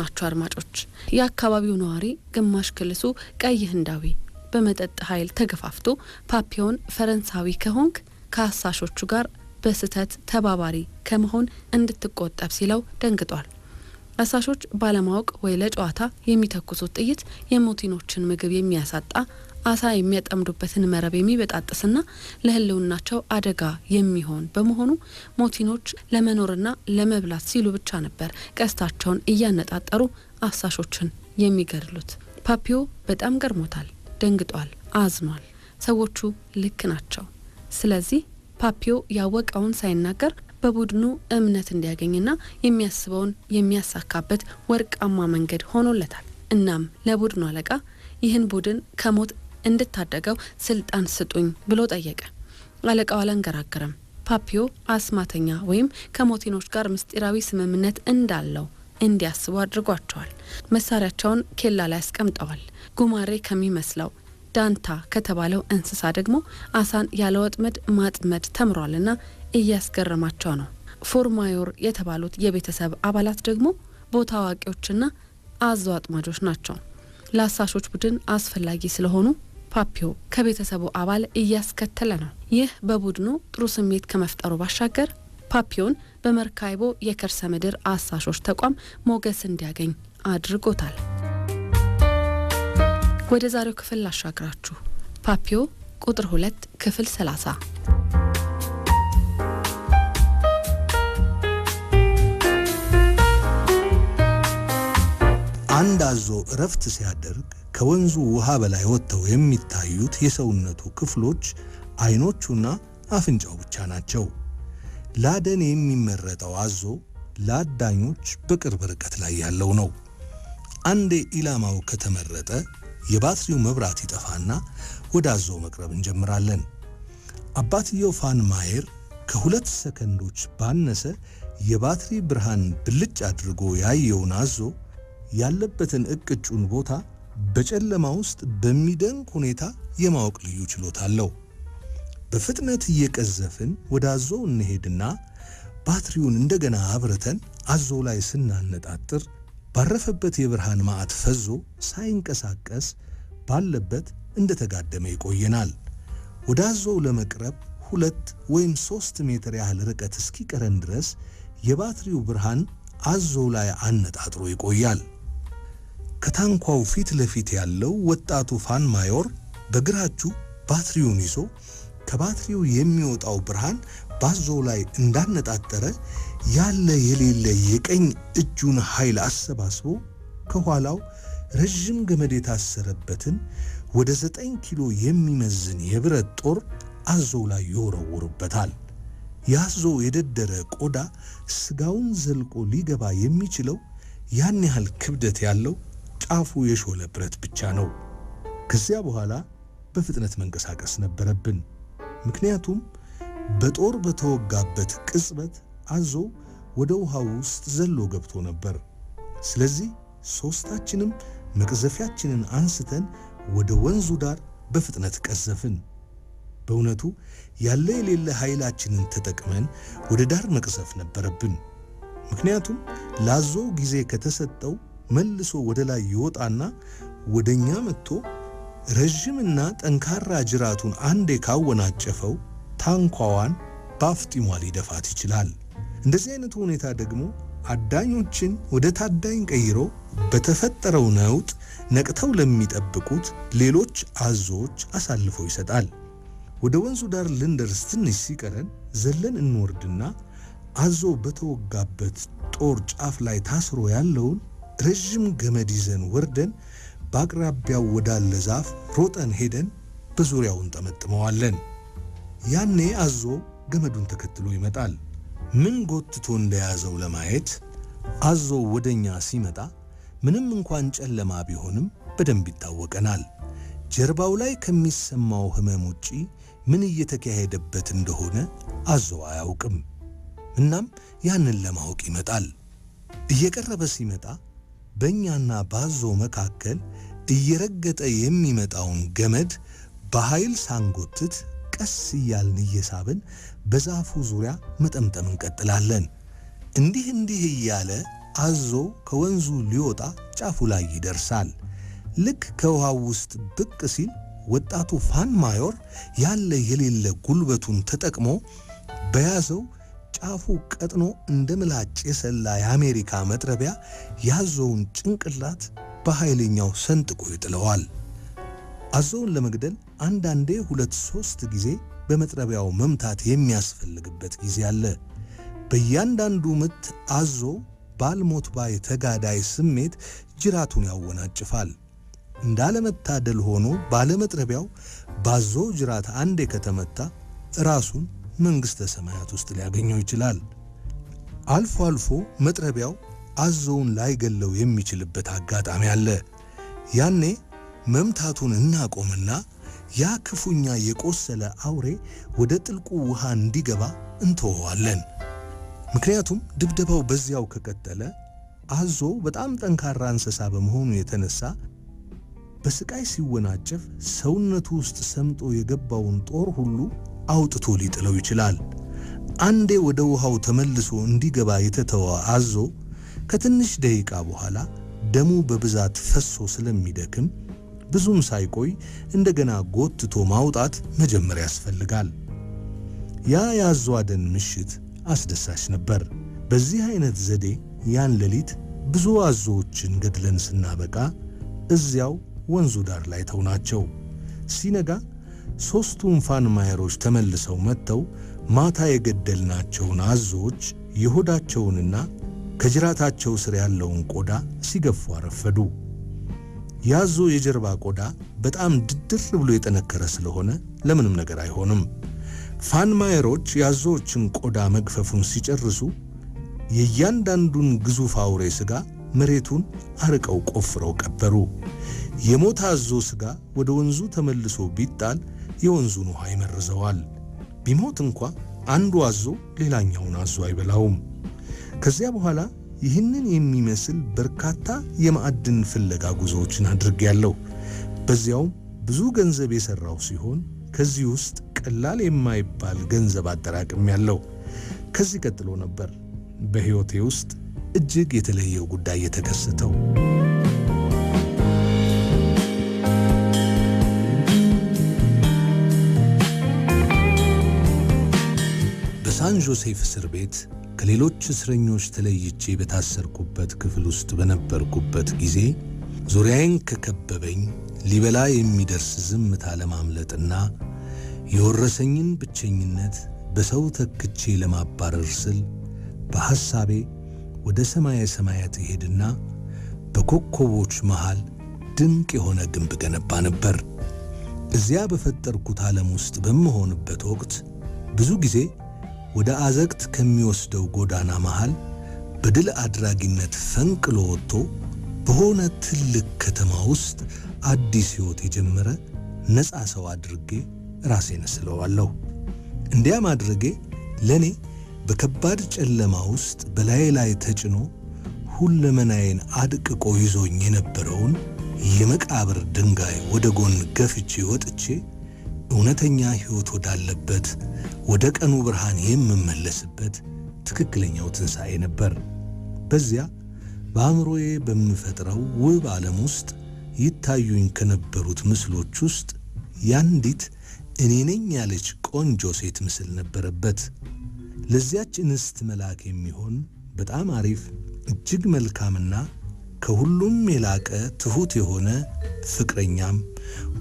ናቸው አድማጮች። የአካባቢው ነዋሪ ግማሽ ክልሱ ቀይ ህንዳዊ በመጠጥ ኃይል ተገፋፍቶ ፓፒዮን ፈረንሳዊ ከሆንክ ከአሳሾቹ ጋር በስህተት ተባባሪ ከመሆን እንድትቆጠብ ሲለው ደንግጧል። አሳሾች ባለማወቅ ወይ ለጨዋታ የሚተኩሱት ጥይት የሞቲኖችን ምግብ የሚያሳጣ አሳ የሚያጠምዱበትን መረብ የሚበጣጥስና ለህልውናቸው አደጋ የሚሆን በመሆኑ ሞቲኖች ለመኖርና ለመብላት ሲሉ ብቻ ነበር ቀስታቸውን እያነጣጠሩ አሳሾችን የሚገድሉት። ፓፒዮ በጣም ገርሞታል፣ ደንግጧል፣ አዝኗል። ሰዎቹ ልክ ናቸው። ስለዚህ ፓፒዮ ያወቀውን ሳይናገር በቡድኑ እምነት እንዲያገኝና የሚያስበውን የሚያሳካበት ወርቃማ መንገድ ሆኖለታል። እናም ለቡድኑ አለቃ ይህን ቡድን ከሞት እንድታደገው ስልጣን ስጡኝ ብሎ ጠየቀ። አለቃው አላንገራገረም። ፓፒዮ አስማተኛ ወይም ከሞቲኖች ጋር ምስጢራዊ ስምምነት እንዳለው እንዲያስቡ አድርጓቸዋል። መሳሪያቸውን ኬላ ላይ አስቀምጠዋል። ጉማሬ ከሚመስለው ዳንታ ከተባለው እንስሳ ደግሞ አሳን ያለ ወጥመድ ማጥመድ ተምሯልና እያስገረማቸው ነው። ፎርማዮር የተባሉት የቤተሰብ አባላት ደግሞ ቦታ አዋቂዎችና አዞ አጥማጆች ናቸው። ለአሳሾች ቡድን አስፈላጊ ስለሆኑ ፓፒዮ ከቤተሰቡ አባል እያስከተለ ነው። ይህ በቡድኑ ጥሩ ስሜት ከመፍጠሩ ባሻገር ፓፒዮን በመርካይቦ የከርሰ ምድር አሳሾች ተቋም ሞገስ እንዲያገኝ አድርጎታል። ወደ ዛሬው ክፍል ላሻግራችሁ። ፓፒዮ ቁጥር ሁለት ክፍል ሰላሳ አንድ አዞ እረፍት ሲያደርግ ከወንዙ ውሃ በላይ ወጥተው የሚታዩት የሰውነቱ ክፍሎች አይኖቹና አፍንጫው ብቻ ናቸው። ላደን የሚመረጠው አዞ ለአዳኞች በቅርብ ርቀት ላይ ያለው ነው። አንዴ ኢላማው ከተመረጠ የባትሪው መብራት ይጠፋና ወደ አዞ መቅረብ እንጀምራለን። አባትየው ፋን ማየር ከሁለት ሰከንዶች ባነሰ የባትሪ ብርሃን ብልጭ አድርጎ ያየውን አዞ ያለበትን እቅጩን ቦታ በጨለማ ውስጥ በሚደንቅ ሁኔታ የማወቅ ልዩ ችሎታ አለው። በፍጥነት እየቀዘፍን ወደ አዞው እንሄድና ባትሪውን እንደገና አብረተን አዞው ላይ ስናነጣጥር ባረፈበት የብርሃን ማዕት ፈዞ ሳይንቀሳቀስ ባለበት እንደተጋደመ ይቆየናል። ወደ አዞው ለመቅረብ ሁለት ወይም ሶስት ሜትር ያህል ርቀት እስኪቀረን ድረስ የባትሪው ብርሃን አዞው ላይ አነጣጥሮ ይቆያል። ከታንኳው ፊት ለፊት ያለው ወጣቱ ፋን ማዮር በግራ እጁ ባትሪውን ይዞ ከባትሪው የሚወጣው ብርሃን ባዞ ላይ እንዳነጣጠረ ያለ የሌለ የቀኝ እጁን ኃይል አሰባስቦ ከኋላው ረዥም ገመድ የታሰረበትን ወደ ዘጠኝ ኪሎ የሚመዝን የብረት ጦር አዞው ላይ ይወረውርበታል። የአዞው የደደረ ቆዳ ስጋውን ዘልቆ ሊገባ የሚችለው ያን ያህል ክብደት ያለው ጫፉ የሾለ ብረት ብቻ ነው። ከዚያ በኋላ በፍጥነት መንቀሳቀስ ነበረብን። ምክንያቱም በጦር በተወጋበት ቅጽበት አዞ ወደ ውሃው ውስጥ ዘሎ ገብቶ ነበር። ስለዚህ ሦስታችንም መቅዘፊያችንን አንስተን ወደ ወንዙ ዳር በፍጥነት ቀዘፍን። በእውነቱ ያለ የሌለ ኃይላችንን ተጠቅመን ወደ ዳር መቅዘፍ ነበረብን። ምክንያቱም ላዞ ጊዜ ከተሰጠው መልሶ ወደ ላይ ይወጣና ወደኛ መጥቶ ረዥምና ጠንካራ ጅራቱን አንዴ ካወናጨፈው ታንኳዋን በአፍጢሟ ሊደፋት ይችላል። እንደዚህ አይነቱ ሁኔታ ደግሞ አዳኞችን ወደ ታዳኝ ቀይሮ በተፈጠረው ነውጥ ነቅተው ለሚጠብቁት ሌሎች አዞዎች አሳልፎ ይሰጣል። ወደ ወንዙ ዳር ልንደርስ ትንሽ ሲቀረን ዘለን እንወርድና አዞ በተወጋበት ጦር ጫፍ ላይ ታስሮ ያለውን ረዥም ገመድ ይዘን ወርደን በአቅራቢያው ወዳለ ዛፍ ሮጠን ሄደን በዙሪያውን ጠመጥመዋለን። ያኔ አዞ ገመዱን ተከትሎ ይመጣል። ምን ጎትቶ እንደያዘው ለማየት አዞ ወደኛ ሲመጣ ምንም እንኳን ጨለማ ቢሆንም በደንብ ይታወቀናል። ጀርባው ላይ ከሚሰማው ህመም ውጪ ምን እየተካሄደበት እንደሆነ አዞ አያውቅም። እናም ያንን ለማወቅ ይመጣል። እየቀረበ ሲመጣ በእኛና ባዞ መካከል እየረገጠ የሚመጣውን ገመድ በኃይል ሳንጎትት ቀስ እያልን እየሳብን በዛፉ ዙሪያ መጠምጠም እንቀጥላለን። እንዲህ እንዲህ እያለ አዞ ከወንዙ ሊወጣ ጫፉ ላይ ይደርሳል። ልክ ከውሃው ውስጥ ብቅ ሲል ወጣቱ ፋን ማዮር ያለ የሌለ ጉልበቱን ተጠቅሞ በያዘው ጫፉ ቀጥኖ እንደ ምላጭ የሰላ የአሜሪካ መጥረቢያ ያዘውን ጭንቅላት በኃይለኛው ሰንጥቆ ይጥለዋል። አዞውን ለመግደል አንዳንዴ ሁለት ሶስት ጊዜ በመጥረቢያው መምታት የሚያስፈልግበት ጊዜ አለ። በእያንዳንዱ ምት አዞ ባልሞት ባይ ተጋዳይ ስሜት ጅራቱን ያወናጭፋል። እንዳለመታደል ሆኖ ባለመጥረቢያው ባዞ ጅራት አንዴ ከተመታ ራሱን መንግሥተ ሰማያት ውስጥ ሊያገኘው ይችላል። አልፎ አልፎ መጥረቢያው አዞውን ላይገለው የሚችልበት አጋጣሚ አለ። ያኔ መምታቱን እናቆምና ያ ክፉኛ የቆሰለ አውሬ ወደ ጥልቁ ውሃ እንዲገባ እንተወዋለን። ምክንያቱም ድብደባው በዚያው ከቀጠለ አዞ በጣም ጠንካራ እንስሳ በመሆኑ የተነሳ በስቃይ ሲወናጨፍ ሰውነቱ ውስጥ ሰምጦ የገባውን ጦር ሁሉ አውጥቶ ሊጥለው ይችላል። አንዴ ወደ ውሃው ተመልሶ እንዲገባ የተተወ አዞ ከትንሽ ደቂቃ በኋላ ደሙ በብዛት ፈሶ ስለሚደክም ብዙም ሳይቆይ እንደገና ጎትቶ ማውጣት መጀመር ያስፈልጋል። ያ የአዞ አደን ምሽት አስደሳች ነበር። በዚህ አይነት ዘዴ ያን ሌሊት ብዙ አዞዎችን ገድለን ስናበቃ እዚያው ወንዙ ዳር ላይ ተውናቸው። ሲነጋ ሦስቱም ፋንማየሮች ተመልሰው መጥተው ማታ የገደልናቸውን አዞዎች የሆዳቸውንና ከጅራታቸው ስር ያለውን ቆዳ ሲገፉ አረፈዱ። የአዞ የጀርባ ቆዳ በጣም ድድር ብሎ የጠነከረ ስለሆነ ለምንም ነገር አይሆንም። ፋንማየሮች የአዞዎችን ቆዳ መግፈፉን ሲጨርሱ የእያንዳንዱን ግዙፍ አውሬ ሥጋ መሬቱን አርቀው ቆፍረው ቀበሩ። የሞተ አዞ ሥጋ ወደ ወንዙ ተመልሶ ቢጣል የወንዙን ውሃ ይመርዘዋል። ቢሞት እንኳ አንዱ አዞ ሌላኛውን አዞ አይበላውም። ከዚያ በኋላ ይህንን የሚመስል በርካታ የማዕድን ፍለጋ ጉዞዎችን አድርጌያለሁ። በዚያውም ብዙ ገንዘብ የሠራው ሲሆን ከዚህ ውስጥ ቀላል የማይባል ገንዘብ አጠራቅም ያለው። ከዚህ ቀጥሎ ነበር በሕይወቴ ውስጥ እጅግ የተለየው ጉዳይ የተከሰተው። የሳን ጆሴፍ እስር ቤት ከሌሎች እስረኞች ተለይቼ በታሰርኩበት ክፍል ውስጥ በነበርኩበት ጊዜ ዙሪያዬን ከከበበኝ ሊበላ የሚደርስ ዝምታ ለማምለጥና የወረሰኝን ብቸኝነት በሰው ተክቼ ለማባረር ስል በሐሳቤ ወደ ሰማየ ሰማያት እሄድና በኮከቦች መሃል ድንቅ የሆነ ግንብ ገነባ ነበር። እዚያ በፈጠርኩት ዓለም ውስጥ በምሆንበት ወቅት ብዙ ጊዜ ወደ አዘቅት ከሚወስደው ጎዳና መሃል በድል አድራጊነት ፈንቅሎ ወጥቶ በሆነ ትልቅ ከተማ ውስጥ አዲስ ሕይወት የጀመረ ነፃ ሰው አድርጌ ራሴን እስለዋለሁ። እንዲያ ማድረጌ ለእኔ በከባድ ጨለማ ውስጥ በላዬ ላይ ተጭኖ ሁለመናዬን አድቅቆ ይዞኝ የነበረውን የመቃብር ድንጋይ ወደ ጎን ገፍቼ ወጥቼ እውነተኛ ሕይወት ወዳለበት ወደ ቀኑ ብርሃን የምመለስበት ትክክለኛው ትንሣኤ ነበር። በዚያ በአእምሮዬ በምፈጥረው ውብ ዓለም ውስጥ ይታዩኝ ከነበሩት ምስሎች ውስጥ ያንዲት እኔ ነኝ ያለች ቆንጆ ሴት ምስል ነበረበት። ለዚያች እንስት መልአክ የሚሆን በጣም አሪፍ እጅግ መልካምና ከሁሉም የላቀ ትሑት የሆነ ፍቅረኛም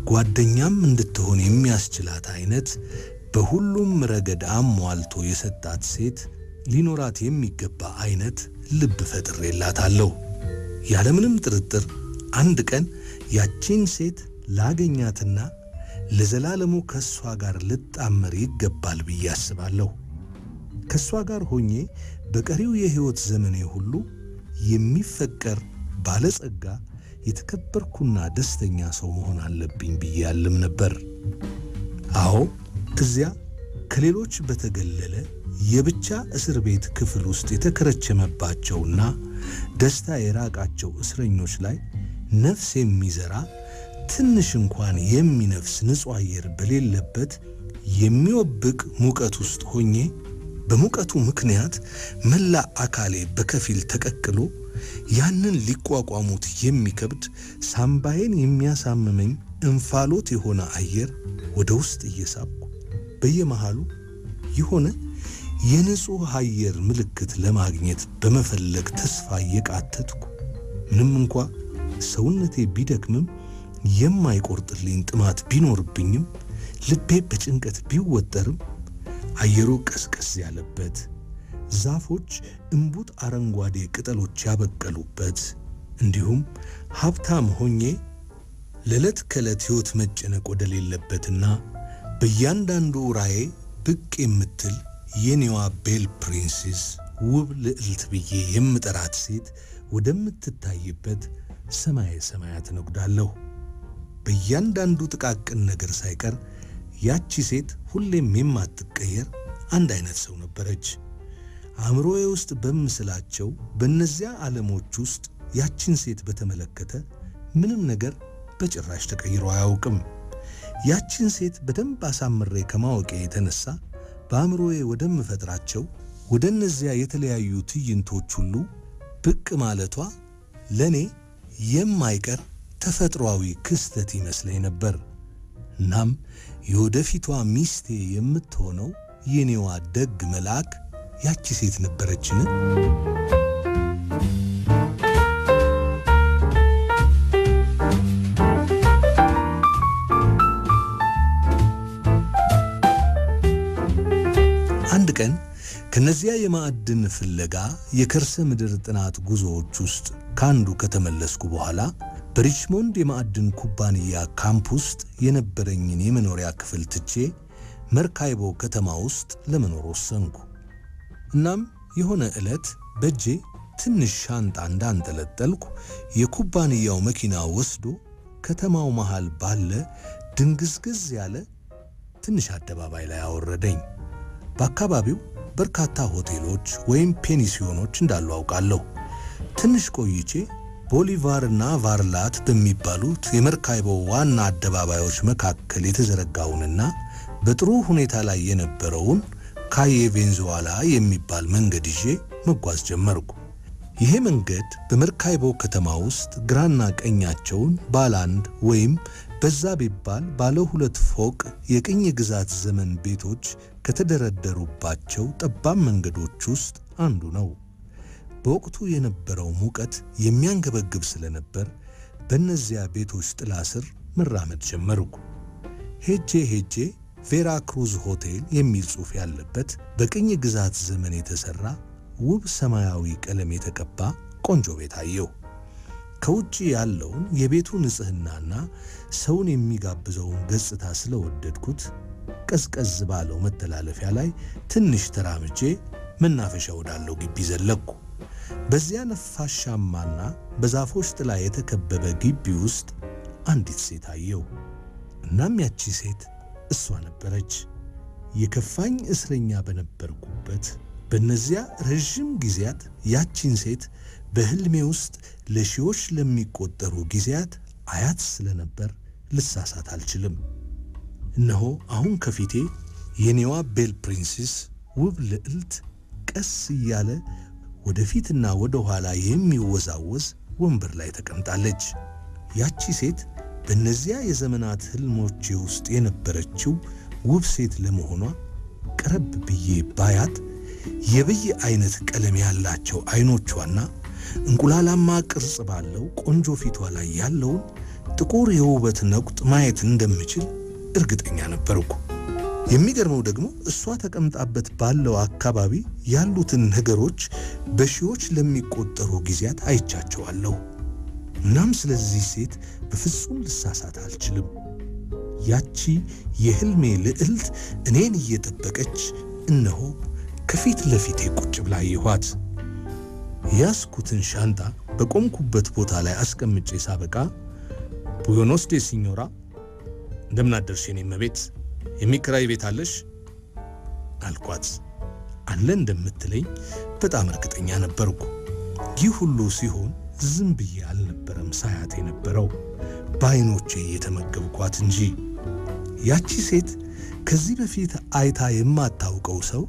ጓደኛም እንድትሆን የሚያስችላት አይነት በሁሉም ረገድ አሟልቶ የሰጣት ሴት ሊኖራት የሚገባ አይነት ልብ ፈጥሬላታለሁ። ያለምንም ጥርጥር አንድ ቀን ያቺን ሴት ላገኛትና ለዘላለሙ ከእሷ ጋር ልጣመር ይገባል ብዬ አስባለሁ። ከእሷ ጋር ሆኜ በቀሪው የሕይወት ዘመኔ ሁሉ የሚፈቀር ባለጸጋ የተከበርኩና ደስተኛ ሰው መሆን አለብኝ ብዬ ያልም ነበር። አዎ እዚያ ከሌሎች በተገለለ የብቻ እስር ቤት ክፍል ውስጥ የተከረቸመባቸውና ደስታ የራቃቸው እስረኞች ላይ ነፍስ የሚዘራ ትንሽ እንኳን የሚነፍስ ንጹሕ አየር በሌለበት የሚወብቅ ሙቀት ውስጥ ሆኜ በሙቀቱ ምክንያት መላ አካሌ በከፊል ተቀቅሎ ያንን ሊቋቋሙት የሚከብድ ሳምባዬን የሚያሳምመኝ እንፋሎት የሆነ አየር ወደ ውስጥ እየሳብኩ በየመሃሉ የሆነ የንጹሕ አየር ምልክት ለማግኘት በመፈለግ ተስፋ እየቃተትኩ ምንም እንኳ ሰውነቴ ቢደክምም የማይቆርጥልኝ ጥማት ቢኖርብኝም ልቤ በጭንቀት ቢወጠርም አየሩ ቀስቀስ ያለበት ዛፎች እምቡጥ አረንጓዴ ቅጠሎች ያበቀሉበት እንዲሁም ሀብታም ሆኜ ለዕለት ከዕለት ሕይወት መጨነቅ ወደሌለበትና በእያንዳንዱ ራዬ ብቅ የምትል የኔዋ ቤል ፕሪንሲስ ውብ ልዕልት ብዬ የምጠራት ሴት ወደምትታይበት ሰማየ ሰማያት ነጉዳለሁ። በእያንዳንዱ ጥቃቅን ነገር ሳይቀር ያቺ ሴት ሁሌም የማትቀየር አንድ አይነት ሰው ነበረች። አእምሮዬ ውስጥ በምስላቸው በእነዚያ ዓለሞች ውስጥ ያችን ሴት በተመለከተ ምንም ነገር በጭራሽ ተቀይሮ አያውቅም። ያችን ሴት በደንብ አሳምሬ ከማወቄ የተነሳ በአእምሮዬ ወደምፈጥራቸው ወደ እነዚያ የተለያዩ ትዕይንቶች ሁሉ ብቅ ማለቷ ለእኔ የማይቀር ተፈጥሯዊ ክስተት ይመስለኝ ነበር። እናም የወደፊቷ ሚስቴ የምትሆነው የኔዋ ደግ መልአክ ያቺ ሴት ነበረችን? አንድ ቀን ከነዚያ የማዕድን ፍለጋ የከርሰ ምድር ጥናት ጉዞዎች ውስጥ ከአንዱ ከተመለስኩ በኋላ በሪችሞንድ የማዕድን ኩባንያ ካምፕ ውስጥ የነበረኝን የመኖሪያ ክፍል ትቼ መርካይቦ ከተማ ውስጥ ለመኖር ወሰንኩ። እናም የሆነ ዕለት በእጄ ትንሽ ሻንጣ እንዳንጠለጠልኩ የኩባንያው መኪና ወስዶ ከተማው መሃል ባለ ድንግዝግዝ ያለ ትንሽ አደባባይ ላይ አወረደኝ። በአካባቢው በርካታ ሆቴሎች ወይም ፔኒሲዮኖች እንዳሉ አውቃለሁ። ትንሽ ቆይቼ ቦሊቫርና ቫርላት በሚባሉት የመርካይቦ ዋና አደባባዮች መካከል የተዘረጋውንና በጥሩ ሁኔታ ላይ የነበረውን ካዬ ቬንዙዋላ የሚባል መንገድ ይዤ መጓዝ ጀመርኩ። ይሄ መንገድ በመርካይቦ ከተማ ውስጥ ግራና ቀኛቸውን ባላንድ ወይም በዛ ቢባል ባለ ሁለት ፎቅ የቅኝ ግዛት ዘመን ቤቶች ከተደረደሩባቸው ጠባብ መንገዶች ውስጥ አንዱ ነው። በወቅቱ የነበረው ሙቀት የሚያንገበግብ ስለነበር በእነዚያ ቤቶች ጥላ ስር መራመድ ጀመርኩ። ሄጄ ሄጄ ቬራ ክሩዝ ሆቴል የሚል ጽሑፍ ያለበት በቅኝ ግዛት ዘመን የተሠራ ውብ ሰማያዊ ቀለም የተቀባ ቆንጆ ቤት አየሁ። ከውጭ ያለውን የቤቱ ንጽህናና ሰውን የሚጋብዘውን ገጽታ ስለወደድኩት ቀዝቀዝ ባለው መተላለፊያ ላይ ትንሽ ተራምጄ መናፈሻ ወዳለው ግቢ ዘለቅኩ። በዚያ ነፋሻማና በዛፎች ጥላ የተከበበ ግቢ ውስጥ አንዲት ሴት አየሁ። እናም ያቺ ሴት እሷ ነበረች። የከፋኝ እስረኛ በነበርኩበት በእነዚያ ረዥም ጊዜያት ያቺን ሴት በሕልሜ ውስጥ ለሺዎች ለሚቆጠሩ ጊዜያት አያት ስለነበር ልሳሳት አልችልም። እነሆ አሁን ከፊቴ የኔዋ ቤል ፕሪንሲስ ውብ ልዕልት ቀስ እያለ ወደፊትና ወደ ኋላ የሚወዛወዝ ወንበር ላይ ተቀምጣለች። ያቺ ሴት በእነዚያ የዘመናት ህልሞቼ ውስጥ የነበረችው ውብ ሴት ለመሆኗ ቀረብ ብዬ ባያት የብይ አይነት ቀለም ያላቸው አይኖቿና እንቁላላማ ቅርጽ ባለው ቆንጆ ፊቷ ላይ ያለውን ጥቁር የውበት ነቁጥ ማየት እንደምችል እርግጠኛ ነበርኩ። የሚገርመው ደግሞ እሷ ተቀምጣበት ባለው አካባቢ ያሉትን ነገሮች በሺዎች ለሚቆጠሩ ጊዜያት አይቻቸዋለሁ። እናም ስለዚህ ሴት በፍጹም ልሳሳት አልችልም። ያቺ የህልሜ ልዕልት እኔን እየጠበቀች እነሆ ከፊት ለፊቴ ቁጭ ብላ አየኋት። ያስኩትን ሻንጣ በቆምኩበት ቦታ ላይ አስቀምጬ ሳበቃ ቡዮኖስ ዴ ሲኞራ፣ እንደምናደርሽ የኔ እመቤት፣ የሚከራይ ቤት አለሽ አልኳት። አለ እንደምትለኝ በጣም እርግጠኛ ነበርኩ። ይህ ሁሉ ሲሆን ዝም ብዬ አልነበረም ሳያት የነበረው በዓይኖቼ እየተመገብኳት እንጂ። ያቺ ሴት ከዚህ በፊት አይታ የማታውቀው ሰው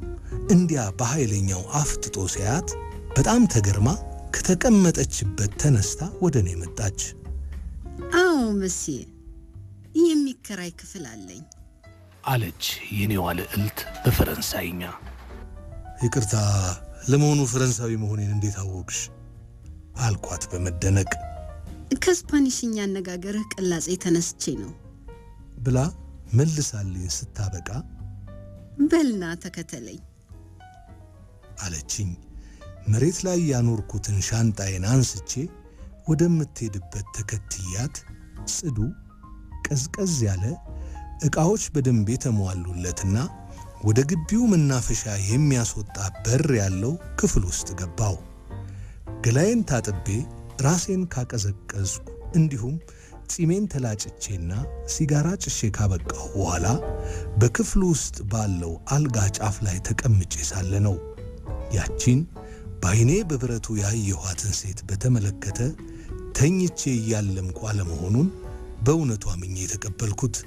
እንዲያ በኃይለኛው አፍጥጦ ሲያያት በጣም ተገርማ ከተቀመጠችበት ተነስታ ወደ እኔ መጣች። አዎ መሲ፣ የሚከራይ ክፍል አለኝ አለች የኔዋ ልዕልት በፈረንሳይኛ። ይቅርታ፣ ለመሆኑ ፈረንሳዊ መሆኔን እንዴት አወቅሽ? አልኳት በመደነቅ። ከስፓኒሽኛ አነጋገርህ ቅላጼ ተነስቼ ነው ብላ መልሳልኝ ስታበቃ በልና ተከተለኝ አለችኝ። መሬት ላይ ያኖርኩትን ሻንጣዬን አንስቼ ወደምትሄድበት ተከትያት ጽዱ ቀዝቀዝ ያለ ዕቃዎች በደንብ የተሟሉለትና ወደ ግቢው መናፈሻ የሚያስወጣ በር ያለው ክፍል ውስጥ ገባው። ገላዬን ታጥቤ ራሴን ካቀዘቀዝኩ እንዲሁም ጺሜን ተላጭቼና ሲጋራ ጭሼ ካበቃሁ በኋላ በክፍሉ ውስጥ ባለው አልጋ ጫፍ ላይ ተቀምጬ ሳለ ነው ያቺን በዓይኔ በብረቱ ያየኋትን ሴት በተመለከተ ተኝቼ እያለምኩ አለመሆኑን በእውነቱ አምኜ የተቀበልኩት።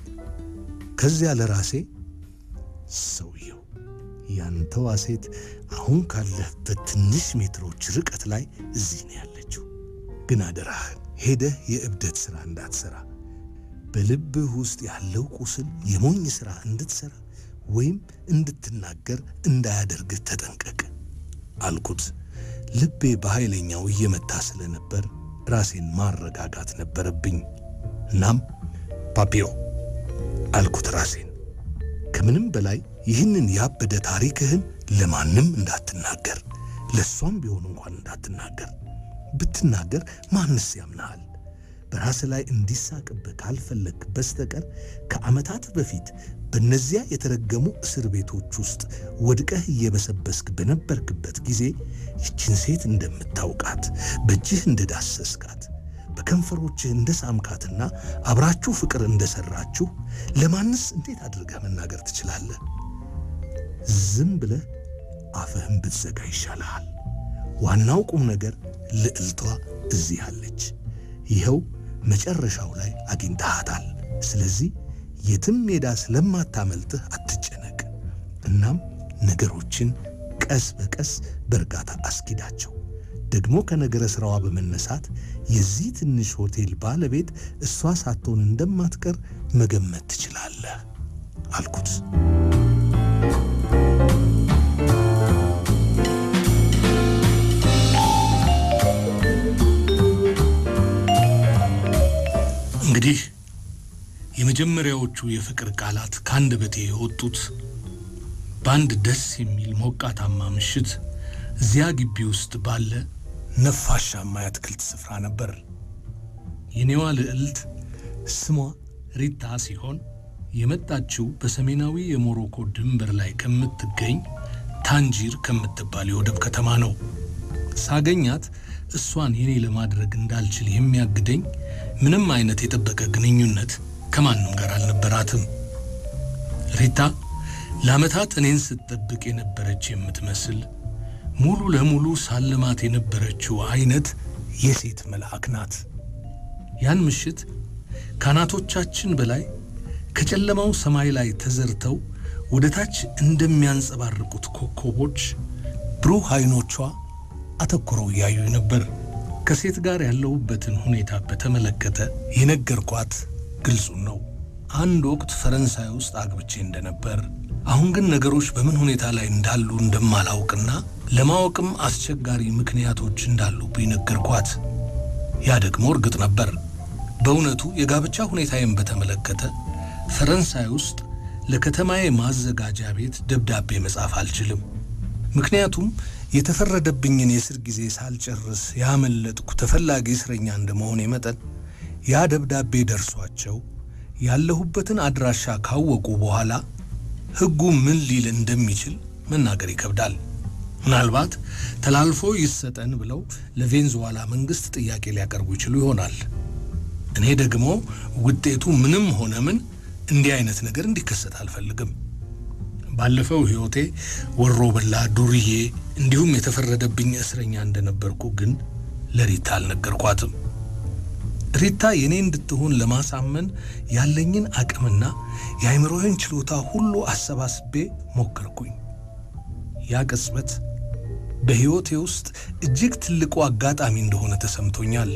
ከዚያ ለራሴ ሰውየው ያንተዋ ሴት አሁን ካለህበት ትንሽ ሜትሮች ርቀት ላይ እዚህ ነው ያለ ግን አደራህን ሄደህ የእብደት ሥራ እንዳትሠራ፣ በልብህ ውስጥ ያለው ቁስል የሞኝ ሥራ እንድትሠራ ወይም እንድትናገር እንዳያደርግህ ተጠንቀቅ አልኩት። ልቤ በኃይለኛው እየመታ ስለነበር ራሴን ማረጋጋት ነበረብኝ። እናም ፓፒዮ አልኩት ራሴን፣ ከምንም በላይ ይህንን ያበደ ታሪክህን ለማንም እንዳትናገር፣ ለእሷም ቢሆን እንኳን እንዳትናገር ብትናገር ማንስ ያምናሃል? በራስ ላይ እንዲሳቅብህ ካልፈለግ በስተቀር ከዓመታት በፊት በነዚያ የተረገሙ እስር ቤቶች ውስጥ ወድቀህ እየበሰበስክ በነበርክበት ጊዜ ይችን ሴት እንደምታውቃት በእጅህ እንደዳሰስካት በከንፈሮችህ እንደ ሳምካትና አብራችሁ ፍቅር እንደሰራችሁ ለማንስ እንዴት አድርገህ መናገር ትችላለህ? ዝም ብለህ አፍህን ብትዘጋ ይሻልሃል። ዋናው ቁም ነገር ልዕልቷ እዚህ አለች፣ ይኸው መጨረሻው ላይ አግኝተሃታል። ስለዚህ የትም ሜዳ ስለማታመልጥህ አትጨነቅ። እናም ነገሮችን ቀስ በቀስ በእርጋታ አስኪዳቸው። ደግሞ ከነገረ ሥራዋ በመነሳት የዚህ ትንሽ ሆቴል ባለቤት እሷ ሳትሆን እንደማትቀር መገመት ትችላለህ አልኩት። እንግዲህ የመጀመሪያዎቹ የፍቅር ቃላት በቴ የወጡት በአንድ ደስ የሚል ሞቃታማ ምሽት እዚያ ግቢ ውስጥ ባለ ነፋሻማ የአትክልት ስፍራ ነበር። የኔዋ ልዕልት ስሟ ሪታ ሲሆን የመጣችው በሰሜናዊ የሞሮኮ ድንበር ላይ ከምትገኝ ታንጂር ከምትባል የወደብ ከተማ ነው። ሳገኛት እሷን የኔ ለማድረግ እንዳልችል የሚያግደኝ ምንም አይነት የጠበቀ ግንኙነት ከማንም ጋር አልነበራትም። ሪታ ለዓመታት እኔን ስትጠብቅ የነበረች የምትመስል ሙሉ ለሙሉ ሳልማት የነበረችው አይነት የሴት መልአክ ናት። ያን ምሽት ከአናቶቻችን በላይ ከጨለማው ሰማይ ላይ ተዘርተው ወደ ታች እንደሚያንጸባርቁት ኮከቦች ብሩህ አይኖቿ አተኩረው እያዩ ነበር። ከሴት ጋር ያለውበትን ሁኔታ በተመለከተ የነገርኳት ግልጹን ነው። አንድ ወቅት ፈረንሳይ ውስጥ አግብቼ እንደነበር አሁን ግን ነገሮች በምን ሁኔታ ላይ እንዳሉ እንደማላውቅና ለማወቅም አስቸጋሪ ምክንያቶች እንዳሉብኝ ነገርኳት። ያ ደግሞ እርግጥ ነበር። በእውነቱ የጋብቻ ሁኔታዬን በተመለከተ ፈረንሳይ ውስጥ ለከተማዬ ማዘጋጃ ቤት ደብዳቤ መጻፍ አልችልም። ምክንያቱም የተፈረደብኝን የእስር ጊዜ ሳልጨርስ ያመለጥኩ ተፈላጊ እስረኛ እንደመሆኔ መጠን ያ ደብዳቤ ደርሷቸው ያለሁበትን አድራሻ ካወቁ በኋላ ሕጉ ምን ሊል እንደሚችል መናገር ይከብዳል። ምናልባት ተላልፎ ይሰጠን ብለው ለቬንዙዋላ መንግሥት ጥያቄ ሊያቀርቡ ይችሉ ይሆናል። እኔ ደግሞ ውጤቱ ምንም ሆነ ምን እንዲህ አይነት ነገር እንዲከሰት አልፈልግም። ባለፈው ሕይወቴ ወሮ በላ ዱርዬ እንዲሁም የተፈረደብኝ እስረኛ እንደነበርኩ ግን ለሪታ አልነገርኳትም። ሪታ የኔ እንድትሆን ለማሳመን ያለኝን አቅምና የአእምሮዬን ችሎታ ሁሉ አሰባስቤ ሞከርኩኝ። ያ ቅጽበት በሕይወቴ ውስጥ እጅግ ትልቁ አጋጣሚ እንደሆነ ተሰምቶኛል።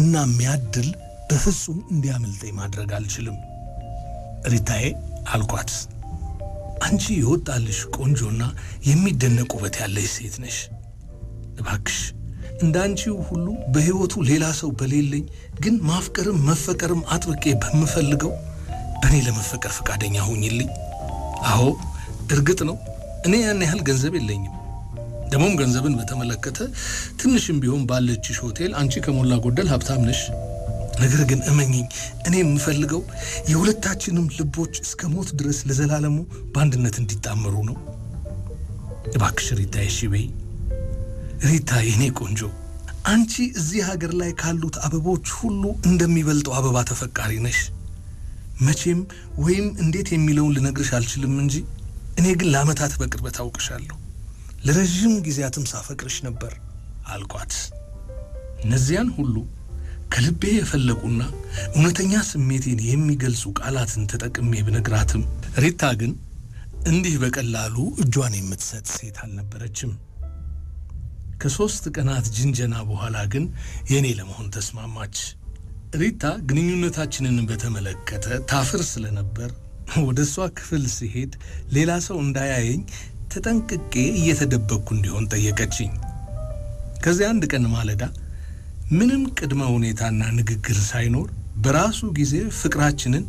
እና ሚያድል በፍጹም እንዲያመልጠኝ ማድረግ አልችልም። ሪታዬ አልኳት። አንቺ የወጣልሽ ቆንጆና የሚደነቅ ውበት ያለሽ ሴት ነሽ። እባክሽ እንደ አንቺው ሁሉ በሕይወቱ ሌላ ሰው በሌለኝ ግን ማፍቀርም መፈቀርም አጥብቄ በምፈልገው በእኔ ለመፈቀር ፈቃደኛ ሆኝልኝ። አዎ እርግጥ ነው እኔ ያን ያህል ገንዘብ የለኝም። ደግሞም ገንዘብን በተመለከተ ትንሽም ቢሆን ባለችሽ ሆቴል አንቺ ከሞላ ጎደል ሀብታም ነሽ። ነገር ግን እመኝኝ፣ እኔ የምፈልገው የሁለታችንም ልቦች እስከ ሞት ድረስ ለዘላለሙ በአንድነት እንዲጣመሩ ነው። እባክሽ ሪታ፣ እሺ በይ ሪታ፣ የኔ ቆንጆ አንቺ እዚህ ሀገር ላይ ካሉት አበቦች ሁሉ እንደሚበልጠው አበባ ተፈቃሪ ነሽ። መቼም ወይም እንዴት የሚለውን ልነግርሽ አልችልም እንጂ እኔ ግን ለዓመታት በቅርበት አውቅሻለሁ። ለረዥም ጊዜያትም ሳፈቅርሽ ነበር አልኳት። እነዚያን ሁሉ ከልቤ የፈለቁና እውነተኛ ስሜቴን የሚገልጹ ቃላትን ተጠቅሜ ብነግራትም ሪታ ግን እንዲህ በቀላሉ እጇን የምትሰጥ ሴት አልነበረችም። ከሦስት ቀናት ጅንጀና በኋላ ግን የእኔ ለመሆን ተስማማች። ሪታ ግንኙነታችንን በተመለከተ ታፍር ስለነበር ወደ እሷ ክፍል ሲሄድ ሌላ ሰው እንዳያየኝ ተጠንቅቄ እየተደበቅኩ እንዲሆን ጠየቀችኝ። ከዚያ አንድ ቀን ማለዳ ምንም ቅድመ ሁኔታና ንግግር ሳይኖር በራሱ ጊዜ ፍቅራችንን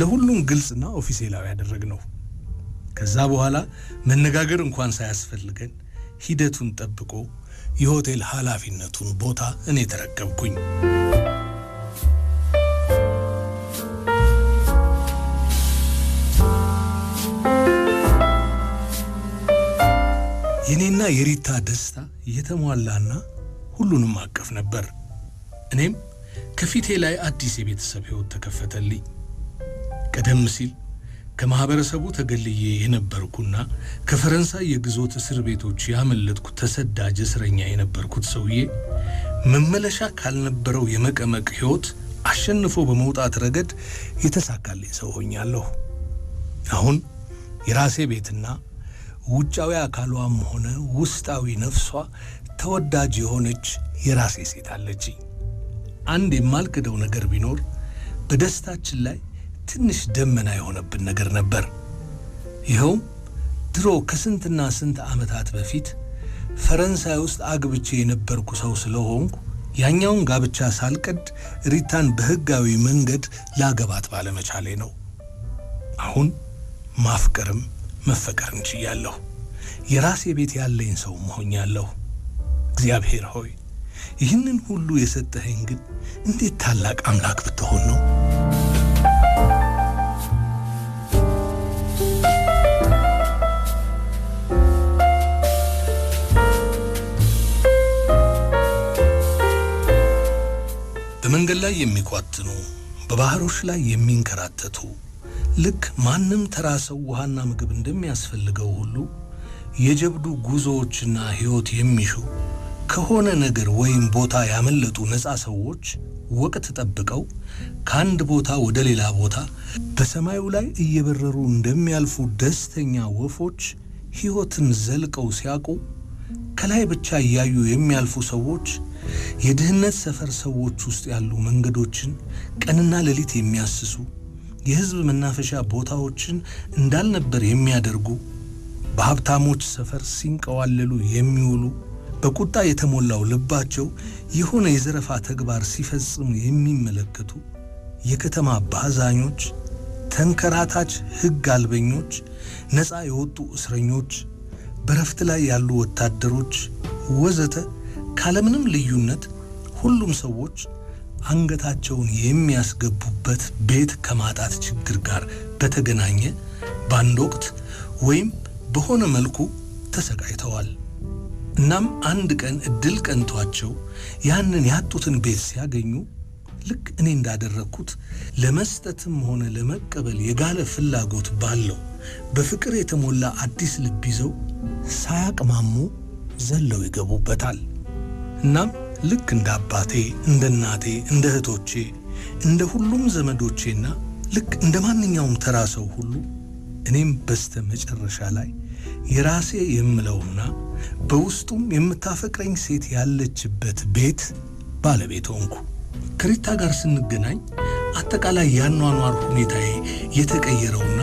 ለሁሉም ግልጽና ኦፊሴላዊ ነው። ከዛ በኋላ መነጋገር እንኳን ሳያስፈልገን ሂደቱን ጠብቆ የሆቴል ኃላፊነቱን ቦታ እኔ ተረከብኩኝ። የኔና የሪታ ደስታ የተሟላና ሁሉንም አቀፍ ነበር። እኔም ከፊቴ ላይ አዲስ የቤተሰብ ሕይወት ተከፈተልኝ። ቀደም ሲል ከማኅበረሰቡ ተገልዬ የነበርኩና ከፈረንሳይ የግዞት እስር ቤቶች ያመለጥኩ ተሰዳጅ እስረኛ የነበርኩት ሰውዬ መመለሻ ካልነበረው የመቀመቅ ሕይወት አሸንፎ በመውጣት ረገድ የተሳካልኝ ሰው ሆኛለሁ። አሁን የራሴ ቤትና ውጫዊ አካሏም ሆነ ውስጣዊ ነፍሷ ተወዳጅ የሆነች የራሴ ሴት አለችኝ። አንድ የማልክደው ነገር ቢኖር በደስታችን ላይ ትንሽ ደመና የሆነብን ነገር ነበር። ይኸውም ድሮ ከስንትና ስንት ዓመታት በፊት ፈረንሳይ ውስጥ አግብቼ የነበርኩ ሰው ስለሆንኩ ያኛውን ጋብቻ ሳልቀድ ሪታን በሕጋዊ መንገድ ላገባት ባለመቻሌ ነው። አሁን ማፍቀርም መፈቀር እንችያለሁ። የራሴ ቤት ያለኝ ሰው መሆኛለሁ። እግዚአብሔር ሆይ ይህንን ሁሉ የሰጠኸኝ ግን እንዴት ታላቅ አምላክ ብትሆን ነው። በመንገድ ላይ የሚኳትኑ በባህሮች ላይ የሚንከራተቱ ልክ ማንም ተራ ሰው ውሃና ምግብ እንደሚያስፈልገው ሁሉ የጀብዱ ጉዞዎችና ሕይወት የሚሹ ከሆነ ነገር ወይም ቦታ ያመለጡ ነፃ ሰዎች ወቅት ጠብቀው ከአንድ ቦታ ወደ ሌላ ቦታ በሰማዩ ላይ እየበረሩ እንደሚያልፉ ደስተኛ ወፎች ሕይወትን ዘልቀው ሲያውቁ ከላይ ብቻ እያዩ የሚያልፉ ሰዎች የድህነት ሰፈር ሰዎች ውስጥ ያሉ መንገዶችን ቀንና ሌሊት የሚያስሱ የህዝብ መናፈሻ ቦታዎችን እንዳልነበር የሚያደርጉ በሀብታሞች ሰፈር ሲንቀዋለሉ የሚውሉ በቁጣ የተሞላው ልባቸው የሆነ የዘረፋ ተግባር ሲፈጽሙ የሚመለከቱ የከተማ ባዛኞች፣ ተንከራታች ህግ አልበኞች፣ ነፃ የወጡ እስረኞች፣ በረፍት ላይ ያሉ ወታደሮች ወዘተ ካለምንም ልዩነት ሁሉም ሰዎች አንገታቸውን የሚያስገቡበት ቤት ከማጣት ችግር ጋር በተገናኘ በአንድ ወቅት ወይም በሆነ መልኩ ተሰቃይተዋል። እናም አንድ ቀን እድል ቀንቷቸው ያንን ያጡትን ቤት ሲያገኙ ልክ እኔ እንዳደረግኩት ለመስጠትም ሆነ ለመቀበል የጋለ ፍላጎት ባለው በፍቅር የተሞላ አዲስ ልብ ይዘው ሳያቅማሙ ዘለው ይገቡበታል። እናም ልክ እንደ አባቴ፣ እንደ እናቴ፣ እንደ እህቶቼ፣ እንደ ሁሉም ዘመዶቼና ልክ እንደ ማንኛውም ተራ ሰው ሁሉ እኔም በስተ መጨረሻ ላይ የራሴ የምለውና በውስጡም የምታፈቅረኝ ሴት ያለችበት ቤት ባለቤት ሆንኩ። ከሪታ ጋር ስንገናኝ አጠቃላይ ያኗኗር ሁኔታዬ የተቀየረውና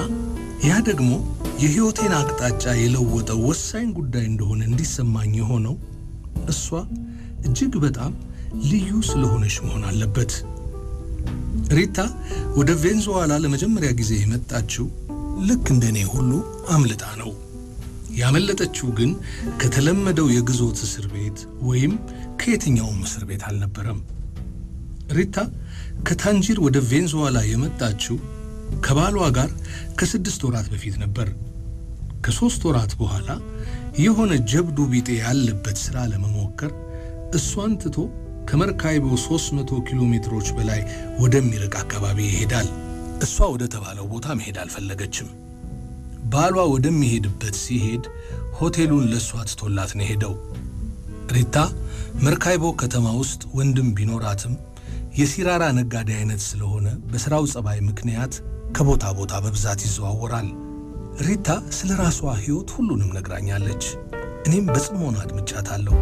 ያ ደግሞ የሕይወቴን አቅጣጫ የለወጠው ወሳኝ ጉዳይ እንደሆነ እንዲሰማኝ የሆነው እሷ እጅግ በጣም ልዩ ስለሆነች መሆን አለበት። ሪታ ወደ ቬንዙዋላ ለመጀመሪያ ጊዜ የመጣችው ልክ እንደ እኔ ሁሉ አምልጣ ነው። ያመለጠችው ግን ከተለመደው የግዞት እስር ቤት ወይም ከየትኛውም እስር ቤት አልነበረም። ሪታ ከታንጂር ወደ ቬንዙዋላ የመጣችው ከባሏ ጋር ከስድስት ወራት በፊት ነበር። ከሦስት ወራት በኋላ የሆነ ጀብዱ ቢጤ ያለበት ሥራ ለመሞከር እሷን ትቶ ከመርካይቦ 300 ኪሎ ሜትሮች በላይ ወደሚርቅ አካባቢ ይሄዳል። እሷ ወደ ተባለው ቦታ መሄድ አልፈለገችም። ባሏ ወደሚሄድበት ሲሄድ ሆቴሉን ለእሷ ትቶላት ነው ሄደው። ሪታ መርካይቦ ከተማ ውስጥ ወንድም ቢኖራትም የሲራራ ነጋዴ አይነት ስለሆነ በሥራው ጸባይ ምክንያት ከቦታ ቦታ በብዛት ይዘዋወራል። ሪታ ስለ ራሷ ሕይወት ሁሉንም ነግራኛለች። እኔም በጽሞና አድምጫታለሁ።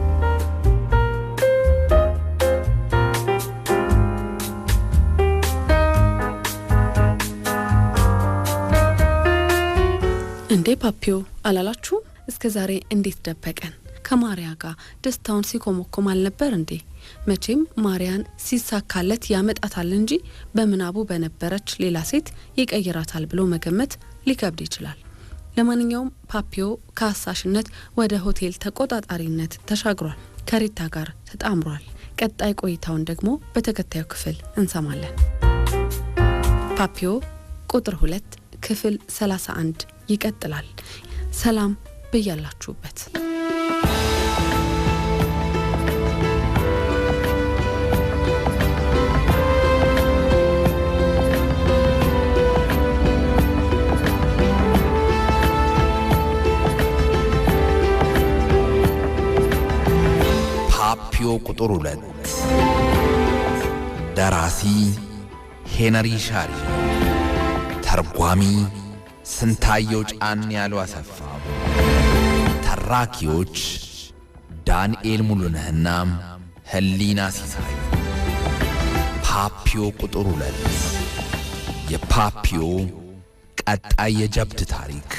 እንዴ ፓፒዮ አላላችሁም? እስከ ዛሬ እንዴት ደበቀን? ከማሪያ ጋር ደስታውን ሲኮመኮም አልነበር እንዴ? መቼም ማሪያን ሲሳካለት ያመጣታል እንጂ በምናቡ በነበረች ሌላ ሴት ይቀይራታል ብሎ መገመት ሊከብድ ይችላል። ለማንኛውም ፓፒዮ ከአሳሽነት ወደ ሆቴል ተቆጣጣሪነት ተሻግሯል። ከሪታ ጋር ተጣምሯል። ቀጣይ ቆይታውን ደግሞ በተከታዩ ክፍል እንሰማለን። ፓፒዮ ቁጥር ሁለት ክፍል 31 ይቀጥላል። ሰላም በያላችሁበት። ፓፒዮ ቁጥር ሁለት ደራሲ ሄነሪ ሻሪ ተርጓሚ ስንታየው ጫን ያሉ አሰፋ፣ ተራኪዎች ዳንኤል ሙሉነህና ህሊና ሲሳይ። ፓፒዮ ቁጥር ሁለት የፓፒዮ ቀጣይ የጀብድ ታሪክ